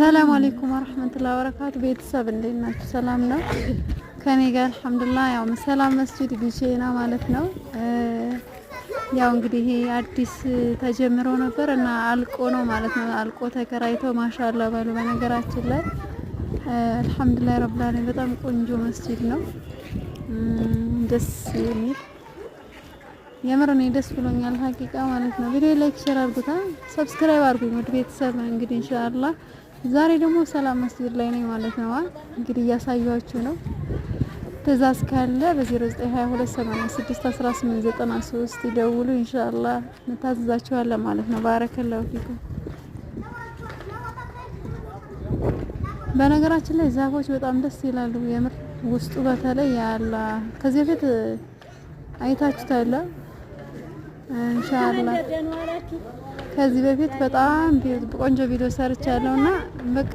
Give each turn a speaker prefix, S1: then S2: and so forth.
S1: ሰላም አለይኩም ወራህመቱላሂ ወበረካቱ። ቤተሰብ እንዴት ናችሁ? ሰላም ነው ከኔ ጋር አልሐምዱሊላህ። ያው ሰላም መስጂድ ጊዜና ማለት ነው። ያው እንግዲህ ይሄ አዲስ ተጀምሮ ነበር እና አልቆ ነው ማለት ነው። አልቆ ተከራይቶ ማሻአላ ባሉ በነገራችን ላይ አልሐምዱሊላህ ረብል ዓለሚን በጣም ቆንጆ መስጂድ ነው። ደስ የሚል የምር እኔ ደስ ብሎኛል ሀቂቃ ማለት ነው። ቪዲዮ ላይክ ሼር አድርጉታ፣ ሰብስክራይብ አድርጉኝ ውድ ቤተሰብ እንግዲህ ኢንሻአላህ ዛሬ ደግሞ ሰላም መስጊድ ላይ ነኝ ማለት ነው። እንግዲህ እያሳየኋችሁ ነው። ትእዛዝ ካለ በ 1893 ይደውሉ። ኢንሻአላህ እንታዘዛችኋለን ማለት ነው። ባረከላሁ ፊኩም። በነገራችን ላይ ዛፎች በጣም ደስ ይላሉ። የምር ውስጡ በተለይ ያላ ከዚህ በፊት አይታችሁታል። እንሻላ ከዚህ በፊት በጣም ቆንጆ ቪዲዮ ሰርቻለሁና በቃ